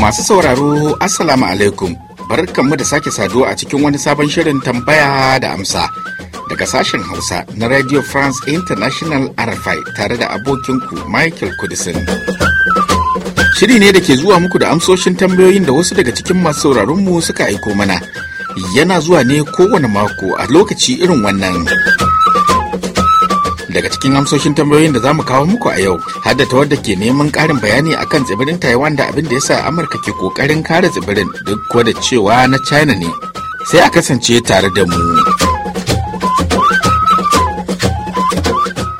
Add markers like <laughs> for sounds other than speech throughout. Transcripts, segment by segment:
Masu sauraro, Assalamu alaikum, barkanmu da sake saduwa a cikin wani sabon shirin tambaya da amsa. Daga sashen Hausa na Radio France International RFI tare da abokinku Michael Kudisin. Shiri ne da ke zuwa muku da amsoshin tambayoyin da wasu daga cikin masu mu suka aiko mana. Yana zuwa ne kowane mako a lokaci irin wannan. Daga cikin amsoshin tambayoyin da za mu kawo muku a yau, haddata wadda ke neman karin bayani akan tsibirin Taiwan da abin da ya sa Amurka ke kokarin kare tsibirin duk da cewa na China ne. Sai a kasance tare da mu.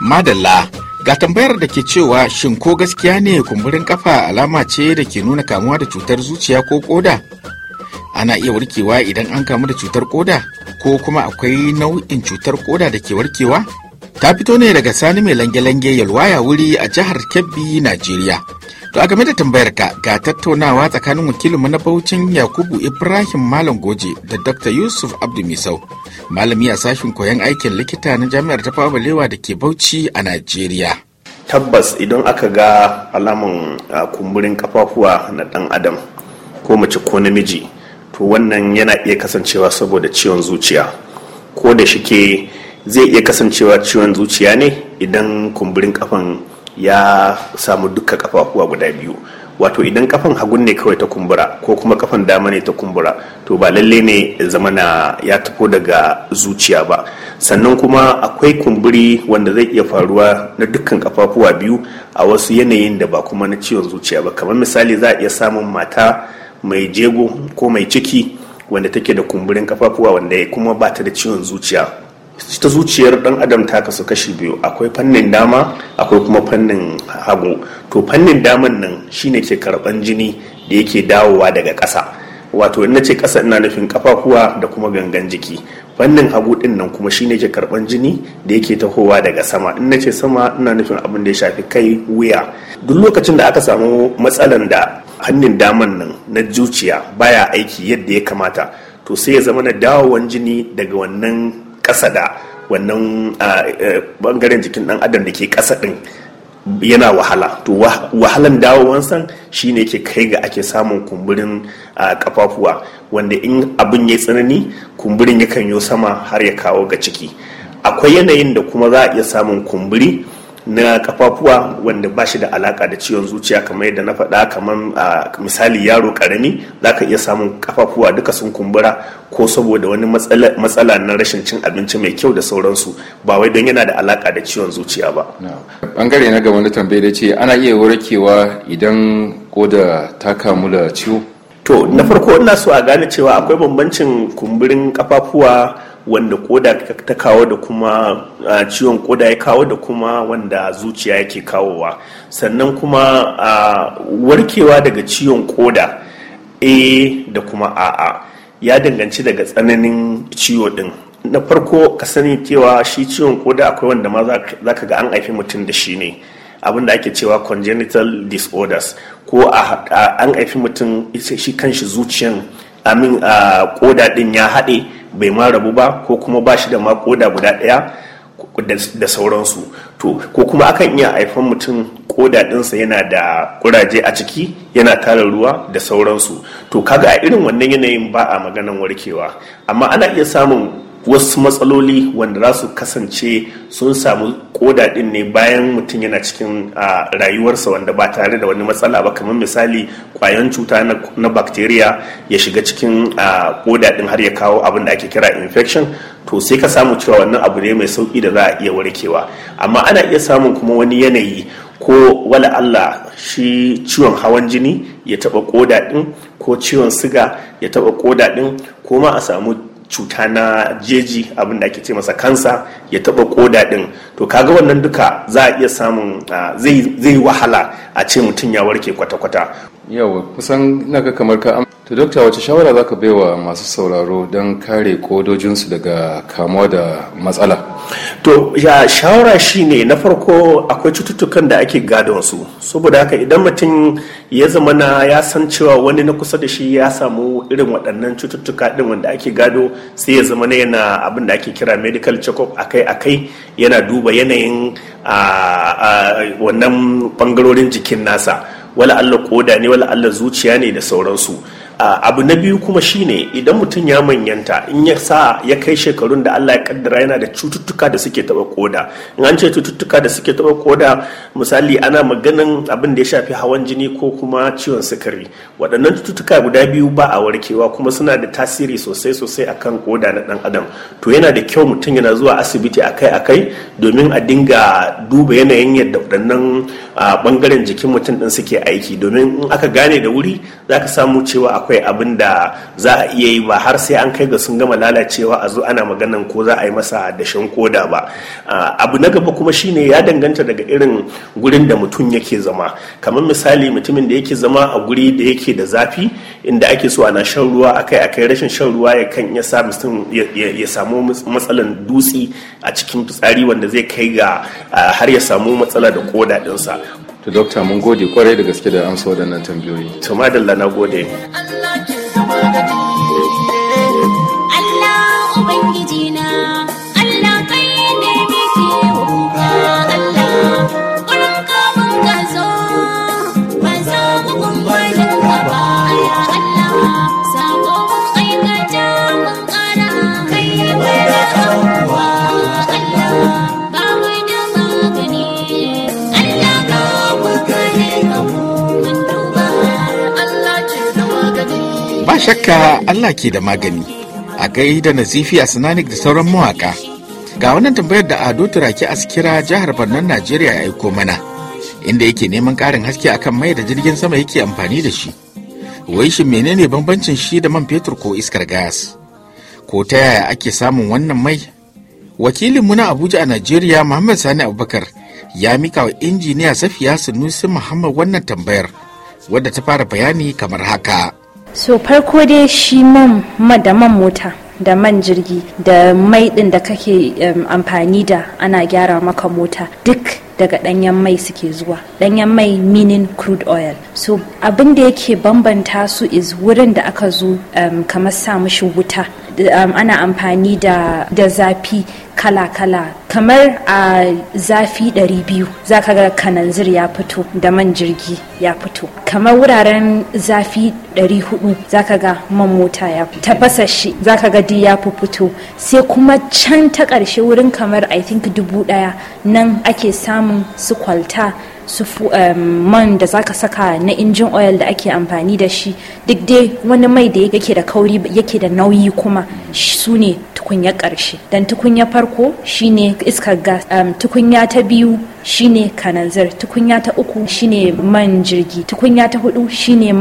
Madalla. Ga tambayar da ke cewa shin ko gaskiya ne kumburin kafa alama ce da ke nuna kamuwa da cutar zuciya ko koda? Ana iya warkewa idan an kamu da cutar koda ko kuma akwai nau'in cutar koda da ke warkewa? Ta fito ne daga sani mai lange-lange yalwaya wuri a jihar Kebbi, Najeriya. To a game da tambayar ka ga tattaunawa tsakanin wakilinmu na Baucin Yakubu Ibrahim Malam Goje da Dr. Yusuf Abdu Misau, malami a sashin koyon aikin likita na Jami'ar ta Balewa da ke Bauchi a Najeriya. Tabbas idan aka ga alamun ah, kumburin kafafuwa na dan adam ko mace ko namiji to wannan yana iya kasancewa saboda ciwon zuciya ko da shike zai iya kasancewa ciwon zuciya ne idan kumburin kafan ya samu duka kafafuwa guda biyu wato idan kafan hagun ne kawai ta kumbura ko kuma kafan dama ne ta kumbura to ba lalle ne zamana ya tafo daga zuciya ba sannan kuma akwai kumburi wanda zai iya faruwa na dukkan kafafuwa biyu a wasu yanayin da ba kuma na ciwon zuciya ba kamar misali za a iya samun mata mai jego ko mai ciki wanda take da kumburin kafafuwa wanda kuma ba ta da ciwon zuciya ta zuciyar dan adam ta kasu kashi biyu akwai fannin dama akwai kuma fannin hagu to fannin daman nan shine ke karban jini da yake dawowa daga ƙasa wato in nace ƙasa ina nufin kafafuwa da kuma gangan jiki fannin hagu din nan kuma shine ke karban jini da yake tahowa daga sama in nace sama ina nufin abin da ya shafi kai wuya duk lokacin da aka samu matsalan da hannun daman nan na zuciya baya aiki yadda ya kamata to sai ya zama na dawowan jini daga wannan ƙasa da wannan bangaren jikin ɗan adam da ke ƙasa ɗin yana wahala to wahalan dawowan san shine ke kai ga ake samun kumburin kafafuwa wanda in abin ya tsanani kumburin yakan yi sama har ya kawo ga ciki akwai yanayin da kuma za a iya samun kumburi na kafafuwa wanda ba shi da alaka da ciwon zuciya kamar yadda na faɗa kamar misali yaro karami za ka iya samun kafafuwa duka sun kumbura ko saboda wani matsala na rashin cin abinci mai kyau da sauransu ba wai don yana da alaka da ciwon zuciya ba bangare na gaba na tambaye da ce ana iya warkewa idan koda ta kamu da ciwo to na farko ina so a gane cewa akwai bambancin kumburin kafafuwa wanda koda ta kawo da kuma ciwon koda ya kawo da kuma wanda zuciya yake kawowa sannan kuma warkewa daga ciwon koda a da kuma a'a ya danganci daga tsananin ciwo din na farko ka sani cewa shi ciwon koda akwai wanda ma za ka ga an haifi mutum da shi ne abinda ake cewa congenital disorders ko an haifi mutum shi kanshi zuciyan amin a koda din ya haɗe bai ma rabu ba ko kuma ba shi da ma koda guda ɗaya da sauransu to ko kuma akan iya haifan mutum koda ɗinsa yana da kuraje a ciki yana tara ruwa da sauransu to kaga a irin wannan yanayin ba a maganan warkewa amma ana iya samun wasu matsaloli wanda za su kasance sun samu koda din ne bayan mutum yana cikin rayuwarsa wanda ba tare da wani matsala ba kamar misali kwayan cuta na bakteriya ya shiga cikin koda din har ya kawo abin da ake kira infection to sai ka samu cewa wannan abu ne mai sauki da za a iya warkewa amma ana iya samun kuma wani yanayi ko wala Allah shi ciwon hawan jini ya taba koda din ko ciwon siga ya taba koda din ko ma a samu cuta na jeji abin da ake ce masa kansa ya taba koda din to kaga wannan duka za a iya samun ah, zai wahala a ce mutum ya warke kwata-kwata yawa kusan na ga kamar ka to dokta wace shawara za ka baiwa masu sauraro don kare kodojinsu daga kamuwa da matsala to ya shawara shine na farko akwai cututtukan da ake gadon su saboda haka idan mutum ya zama na ya san cewa wani na kusa da shi ya samu irin waɗannan cututtuka ɗin wanda ake gado sai ya zama na yana abin da ake kira medical check-up akai-akai yana duba yanayin wannan bangarorin jikin nasa wala Allah koda ne wala Allah zuciya ne da sauransu Ah, abu na biyu kuma shine idan mutum ya manyanta in ya sa ya kai shekarun da Allah ya kaddara yana da cututtuka da suke taba koda in an ce cututtuka da suke taba koda misali ana maganin abin da ya shafi hawan jini ko kuma ciwon sukari waɗannan cututtuka guda biyu ba a warkewa kuma suna da tasiri sosai sosai akan koda na ɗan adam to yana da kyau mutum yana zuwa asibiti akai akai domin a dinga duba yanayin yadda waɗannan bangaren ah, jikin mutum ɗin suke aiki domin in aka gane da wuri za ka samu cewa akwai abin da za a iya yi ba har sai an kai ga sun gama lalacewa a zo ana maganan ko za a yi masa dashen koda ba ah, abu na gaba kuma shine ya danganta daga irin gurin da mutum yake zama kamar misali mutumin da yake zama a guri da yake da zafi inda ake so ana shan ruwa akai akai rashin shan ruwa ya kan ya sa mutum ya samu matsalan dutsi a cikin fitsari wanda zai kai ga ah, har ya samu matsala da koda dinsa to dokta mun gode kwarai da gaske da amsa waɗannan tambayoyi to madalla na gode shakka Allah ke da magani a gai da nazifi a sinanik da sauran mawaka ga wannan tambayar da ado turaki a sikira jihar Barnan Najeriya ya aiko mana inda yake neman karin haske akan mai da jirgin sama yake amfani da shi wai shi menene bambancin shi da man fetur ko iskar gas ko ta yaya ake samun wannan mai Wakilin na abuja a najeriya muhammad sani abubakar ya mika wa injiniya safiya sunusi muhammad wannan tambayar wadda ta fara bayani kamar haka so farko dai shi man da man mota da man jirgi da mai din da kake um, amfani da ana gyara maka mota duk daga ɗanyen mai suke zuwa ɗanyen mai meaning crude oil so abin da yake bambanta su is wurin da aka zo um, kamar sa mushi wuta Um, ana amfani da zafi kala-kala kamar a zafi 200 za ka ga kananzir ya fito da man jirgi ya fito kamar wuraren zafi 400 za ka ga man mota ya tafasa shi za ka ga ya fi fito sai kuma can ta ƙarshe wurin kamar i think dubu ɗaya nan ake samun su kwalta man da zaka saka na injin oil da ake amfani da shi duk dai wani mai da yake da kauri yake da nauyi kuma su ne tukunya ƙarshe dan tukunya farko shine iskar gas tukunya ta biyu shine kananzir tukunya ta uku shine man jirgi tukunya ta hudu shine ne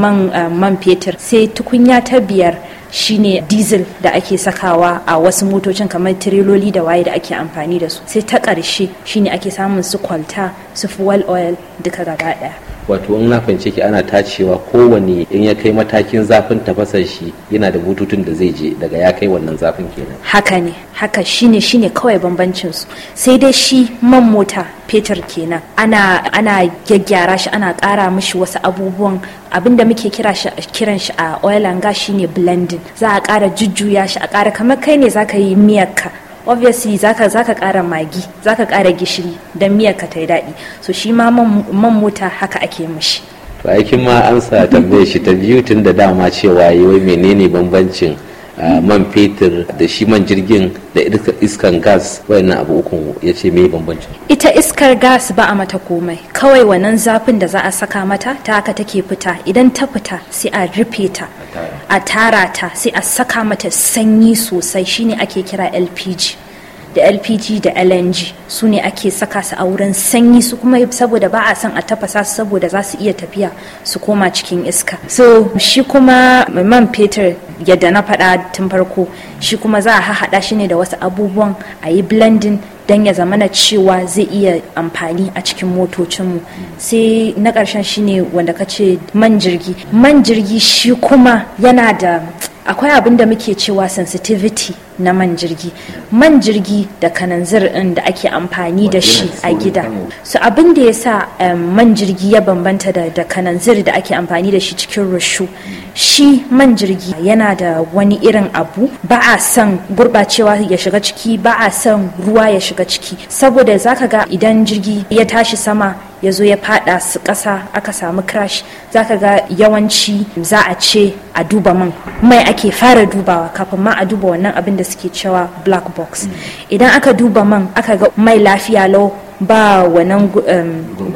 man fetur sai tukunya ta biyar shine diesel da ake sakawa a wasu motocin kamar tireloli da waye da ake amfani da su sai ta ƙarshe shine ake samun su kwalta su fuel oil duka gaba ɗaya wato in na fahimce ki ana tacewa kowane in ya kai matakin zafin tafasar shi yana da bututun da zai je daga ya kai wannan zafin kenan haka ne haka shine shine kawai bambancin su sai dai shi man mota fetur kenan ana ana gyaggyara shi ana kara mishi wasu abubuwan abinda muke kira shi kiran shi a oil and gas shine blending za a kara jujjuya shi a kara kamar kai ne zaka yi miyar ka obviously zaka zaka kara magi zaka kara gishiri dan miyar ka ta yi daɗi so shi ma man mota haka ake mishi to aikin ma an tambaye shi ta biyu tun da dama cewa yi wai menene bambancin Ah, man fetur da shi man jirgin da iskan gas wayannan abu uku ya ce me bambancin ita iskar gas ba a mata komai kawai wannan zafin da za a saka mata ta haka take fita idan ta fita sai a rufe ta a tara ta sai a saka mata sanyi sosai shine ake kira lpg da lpg da lng su ne ake saka su a wurin sanyi su kuma saboda ba a son a tafasa su saboda za su iya tafiya su koma cikin iska so shi kuma man fetur yadda na faɗa tun farko shi kuma za a haɗa shi ne da wasu abubuwan a yi blending don ya zamana cewa zai iya amfani a cikin motocinmu sai na ƙarshen shine wanda ka ce man jirgi man jirgi shi kuma yana da akwai abin da muke cewa sensitivity na man jirgi man jirgi da kananzir ɗin da ake amfani da shi a gida su abin da ya sa um, man jirgi ya bambanta da kananzir da ake amfani da shi cikin rushu shi man jirgi yana da wani irin abu ba a son gurbacewa ya shiga ciki ba a son ruwa ya shiga ciki saboda zaka ga idan jirgi ya tashi sama ya zo ya fada su ƙasa aka samu crash zaka ga yawanci za a ce a duba man mai ake fara dubawa kafin ma a duba wannan abin da suke cewa black box idan aka duba man aka ga mai lafiya lau ba wannan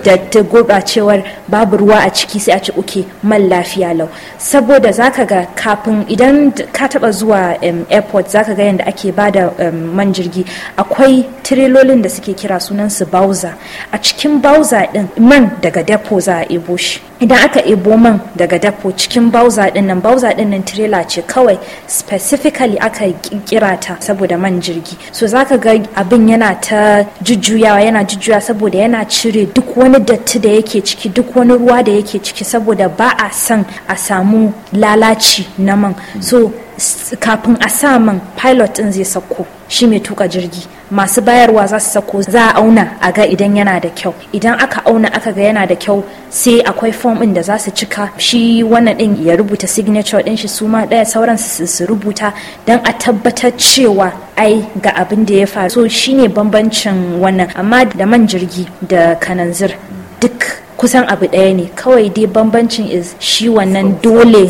datta gurbacewar babu ruwa a ciki sai a ci uke man lafiya lau saboda zaka ga kafin idan ka taba zuwa airport zaka ga yadda ake ba da man jirgi akwai tirelolin da suke kira sunansu su bauza a cikin bauza din man daga depo za a ebo shi idan aka ebo man daga depo cikin bauza din nan bauza din nan tirela ce kawai specifically aka kira ta saboda man jirgi so zaka ga abin yana ta jujjuyawa yana jujjuya saboda yana cire duk wani datti da yake ciki duk wani ruwa da yake ciki saboda ba a san a samu lalaci na man so kafin a sa man pilot din zai sauko shi mai tuka jirgi masu bayarwa za su sako za a auna a ga idan yana da kyau idan aka auna aka ga yana da kyau sai akwai fom ɗin da za su cika shi wannan ɗin ya rubuta signature ɗin shi su ma ɗaya sauran su rubuta don a tabbatar cewa ai ga abin da ya faru so shine bambancin wannan amma da man jirgi da kananzir duk kusan abu ɗaya ne kawai dai bambancin is shi wannan dole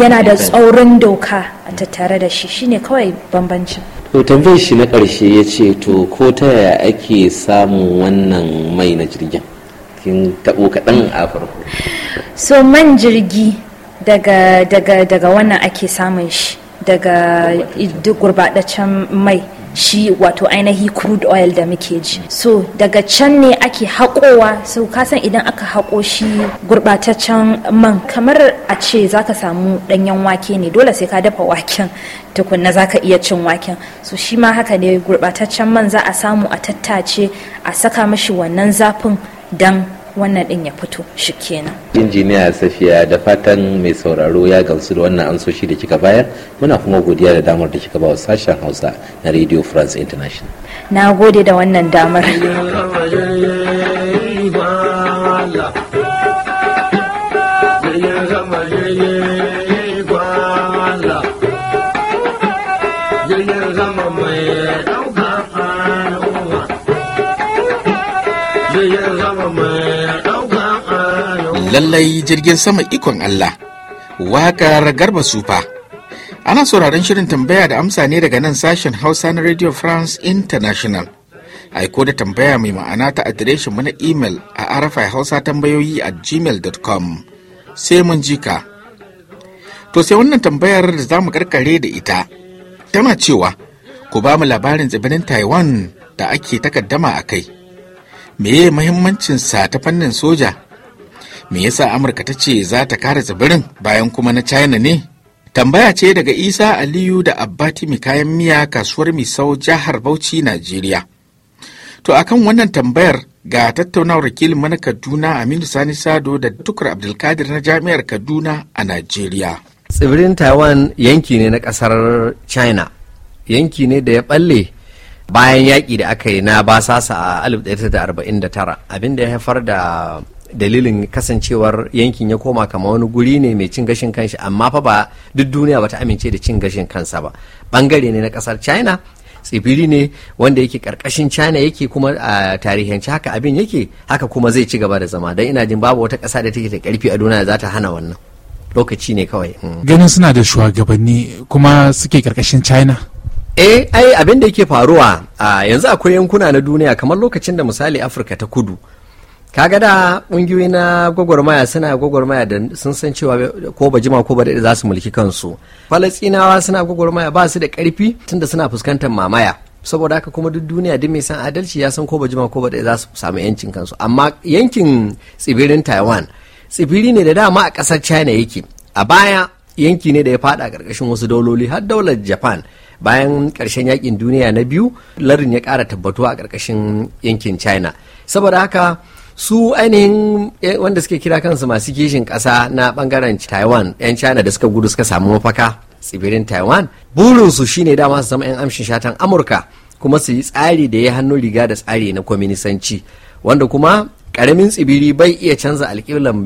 yana da tsaurin doka a tattare da shi shine kawai bambancin to tambayar shi na karshe ya ce to ko ta yaya ake samun wannan mai na jirgin kin taɓo kaɗan a farko so man jirgi daga daga daga wannan ake samun shi daga gurbaɗaccen mai shi wato ainihi crude oil da muke ji so daga can ne ake haƙowa so kasan idan aka haƙo shi gurɓataccen man kamar a ce zaka samu ɗanyen wake ne dole sai ka dafa waken tukunna zaka iya cin waken so shi ma haka ne gurɓataccen man za a samu a tattace a saka mashi wannan zafin dan wannan din ya fito shi kenan. injiniya safiya da fatan mai sauraro ya gamsu da wannan ansoshi da kika bayar muna kuma godiya da damar da kika ba wa sashen hausa na radio france international na gode da wannan damar <laughs> lallai jirgin sama ikon Allah wakar garba sufa ana sauraron shirin tambaya da amsa ne daga nan sashen hausa na radio france international aiko da tambaya mai ma'ana ta adireshin mu na imel a arafai hausa tambayoyi a gmail.com sai mun jika to sai wannan tambayar da za mu karkare da ita tana cewa ku ba mu labarin tsibirin taiwan da ake takaddama a kai Me meye muhimmancinsa ta fannin soja me yasa amurka ta ce za ta kare tsibirin bayan kuma na china ne tambaya ce daga isa aliyu da abbati mai kayan miya kasuwar misau jihar bauchi najeriya to akan wannan tambayar ga tattaunawar wakilin mana kaduna aminu sani sado da tukur abdulkadir na jami'ar kaduna a najeriya tsibirin taiwan yanki ne na kasar china yanki ne da ya balle bayan yaƙi da aka yi na basasa a 1949 abinda ya haifar da dalilin kasancewar yankin ya koma kama wani guri ne mai cin gashin kanshi amma fa ba duk duniya ta amince da cin gashin kansa ba bangare ne na kasar china tsibiri ne wanda yake karkashin china yake kuma a tarihance haka abin yake haka kuma zai ci gaba da zama don ina jin babu wata kasa da take da karfi a duniya za ta hana wannan lokaci ne kawai mm. ganin suna da shugabanni kuma suke karkashin china eh ai abin da yake faruwa yanzu akwai yankuna na duniya kamar lokacin da misali afirka ta kudu kaga da ƙungiyoyi na gwagwarmaya suna gwagwarmaya da sun san cewa ko ba jima ko ba da za su mulki kansu falastinawa suna gwagwarmaya ba su da karfi tunda suna fuskantar mamaya saboda haka kuma duk duniya duk mai san adalci ya san ko ba jima ko ba da za su samu yancin kansu amma yankin tsibirin taiwan tsibiri ne da dama a kasar china yake a baya yanki ne da ya fada karkashin wasu dauloli har daular japan bayan karshen yakin duniya na biyu larin ya kara tabbatuwa a karkashin yankin china saboda haka su ainihin eh, wanda suke kira kansu masu kishin kasa na bangaren taiwan 'yan china da suka gudu suka samu mafaka tsibirin taiwan burinsu shine dama su zama 'yan amshin shatan amurka kuma su yi tsari da ya hannu riga da tsari na kwaminisanci wanda kuma karamin tsibiri bai iya canza alƙiblan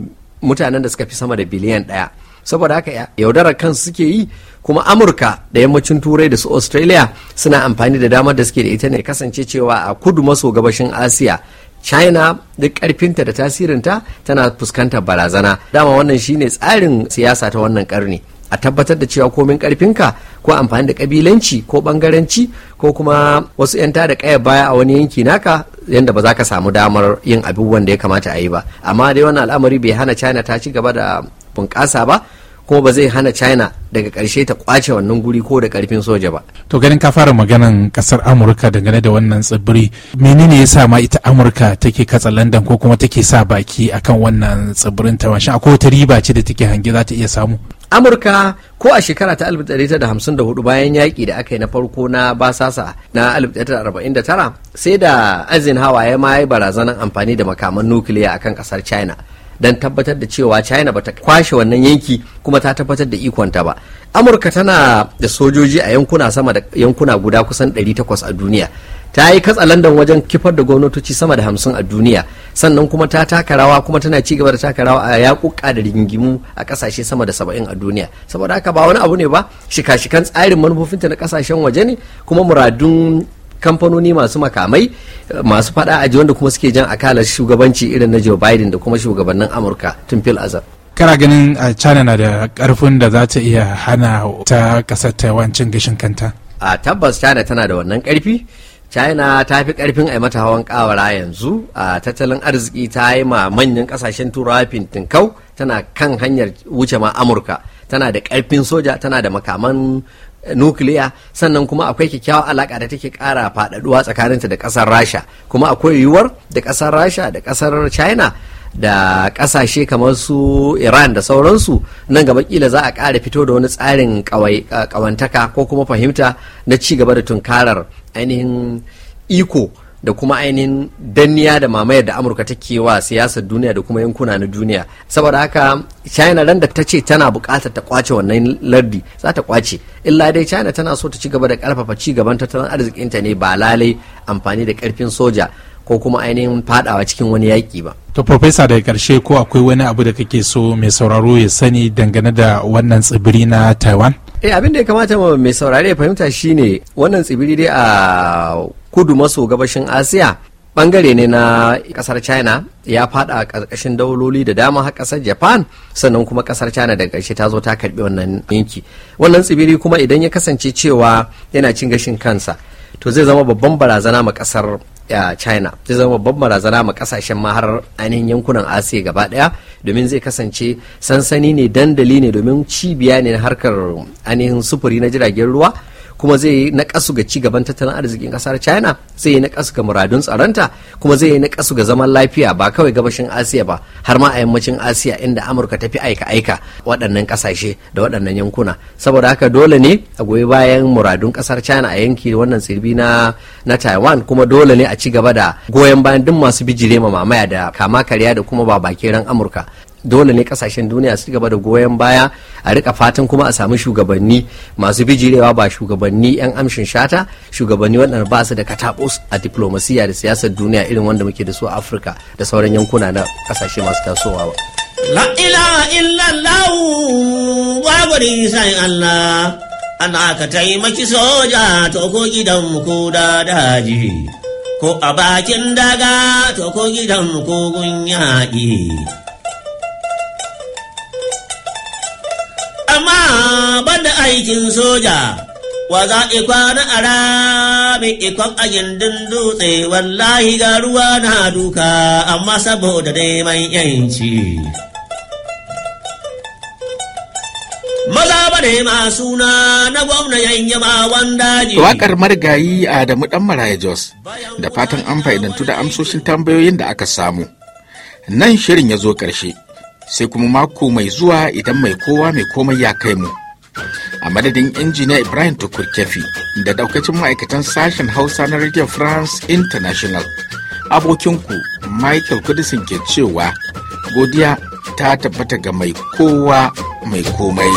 mutanen da suka fi sama da biliyan ɗaya saboda haka yaudarar kansu suke yi kuma amurka da yammacin turai da su australia suna amfani da damar da suke da ita ne kasance cewa a kudu maso gabashin asiya china duk karfinta da tasirinta tana fuskantar barazana dama wannan shine tsarin siyasa ta wannan karni a tabbatar da cewa komin karfinka ko amfani da kabilanci ko bangaranci ko kuma wasu 'yan da kaya baya a wani yanki naka yadda ba za ka samu damar yin abubuwan da ya kamata a yi ba amma dai wannan al'amari bai hana china ta ci gaba da bunƙasa ba ko ba zai hana china daga karshe ta kwace wannan guri ko da karfin soja ba to ganin ka fara maganan kasar amurka dangane da wannan tsibiri menene ya sa ma ita amurka take katsa landan ko kuma take sa baki akan wannan tsibirin ta mashin akwai wata riba ce da take hange za ta iya samu amurka ko a shekara ta 1954 bayan yaƙi da aka yi na farko na basasa na tara, sai da azin Hawa ya ma yi barazanar amfani da makaman nukiliya akan kasar china don tabbatar da cewa china bata kwashe wannan yanki kuma ta tabbatar da ikonta ba amurka tana da sojoji a yankuna sama da yankuna guda kusan 800 a duniya ta yi katsalandan wajen kifar da gwamnatoci sama da hamsin a duniya sannan kuma ta taka rawa kuma tana ci gaba da taka rawa a yakuka da rigingimu a kasashe sama da saba'in a duniya saboda haka ba wani abu ne ba shika-shikan tsarin manufofinta na kasashen waje ne kuma muradun kamfanoni masu makamai masu fada aji wanda kuma suke jan akalar shugabanci irin na Joe Biden da kuma shugabannin Amurka tun fil azar. kana ganin uh, china na da karfin da za ta iya hana ta kasar cin gashin kanta a tabbas china tana da wannan karfi china ta fi karfin a mata hawan kawara yanzu a tattalin arziki ta yi ma manyan kasashen turawa fintinkau tana kan hanyar wuce ma amurka tana da karfin soja tana da makaman nukiliya sannan kuma akwai kyakkyawar alaka da take kara faɗaɗuwa tsakaninta da ƙasar rasha kuma akwai yiwuwar da ƙasar rasha da ƙasar china da ƙasashe kamar su iran da sauransu nan gaba kila za a ƙara fito da wani tsarin ƙawantaka ko kuma fahimta na ci gaba da tunkarar ainihin iko da kuma ainihin danniya da mamayar da amurka take wa siyasar duniya da kuma yankuna na duniya saboda haka china ran da ta ce tana bukatar ta kwace wannan lardi za ta kwace illa dai china tana so ta ci gaba da karfafa ci gaban tattalin arzikinta ne ba lalai amfani da karfin soja ko kuma ainihin fadawa cikin wani yaki ba. To Profesa daga karshe ko akwai wani abu da kake so mai sauraro ya sani dangane da wannan tsibiri na Taiwan? eh abin da ya kamata mai saurare ya fahimta shi ne wannan tsibiri dai a kudu maso gabashin asiya bangare ne na kasar china ya fada a karkashin dauloli da dama har kasar japan sannan kuma kasar china daga ƙarshe ta zo ta karbi wannan yanki wannan tsibiri kuma idan ya kasance cewa yana cin gashin kansa to zai zama babban barazana ma kasar china zai zama babban barazana ma kasashen maharar har ainihin yankunan asiya gaba daya domin zai kasance sansani ne dandali ne domin cibiya ne na harkar ainihin sufuri na jiragen ruwa kuma zai yi naƙasu ga ci gaban tattalin arzikin ƙasar china zai yi naƙasu ga muradun tsaronta kuma zai yi naƙasu ga zaman lafiya ba kawai gabashin asiya ba har ma a yammacin asiya inda amurka ta fi aika aika waɗannan ƙasashe da waɗannan yankuna saboda haka dole ne a goyi bayan muradun ƙasar china a yanki wannan tsirbi na na taiwan kuma dole ne a ci gaba da goyon bayan duk masu bijire ma mamaya da kama karya da kuma ba bakin amurka dole ne kasashen duniya su gaba da goyon baya a rika fatan kuma a sami shugabanni masu bijirewa ba shugabanni yan amshin shata shugabanni waɗanda ba su da katabos a diplomasiya da siyasar duniya irin wanda muke da su a afirka da sauran yankuna na kasashe masu tasowa ba la ilaha illallah babu risan allah ana ka taimaki soja to ko gidan ko da daji ko a bakin daga to ko gidan ko gun yaƙi Ban da aikin soja wa za ikwa na arabi ikon agindin dutse wallahi ga ruwa na duka amma saboda neman yanci maza ba da ma suna na gwamna yanyama wanda ne wakar marigayi adamu ɗan maraya jos da fatan an fa'idantu da amsoshin tambayoyin da aka samu nan shirin ya zo ƙarshe sai kuma mako mai zuwa idan mai kowa mai komai ya kai mu a madadin injiniya ibrahim tukurkefi da daukacin ma'aikatan sashen hausa na radio france international abokinku michael kudisin ke cewa godiya ta tabbata ga mai kowa mai komai